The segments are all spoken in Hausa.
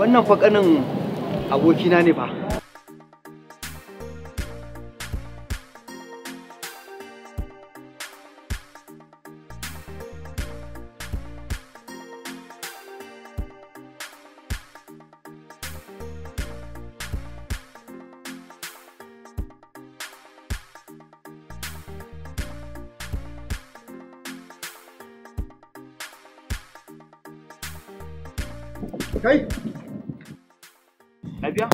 wannan fa abokina ne ba Okay. Lafiya?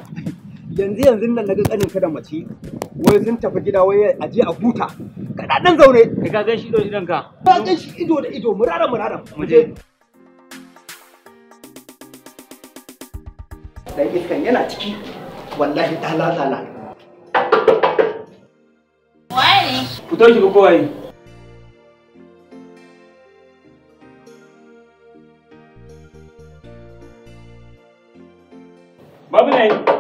Yanzu yanzu nan naga kanin ka da mace wai sun tafi gida wai a je a huta. Kada dan zaune. Kai ka gan shi ido idan ka. Ka gan shi ido da ido murara murara. Mu je. Dan iskan yana ciki wallahi ta tsala. Waye ne? Fito ki ga kowaye. เลยข้าพเ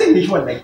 จ้ามีชวนเลย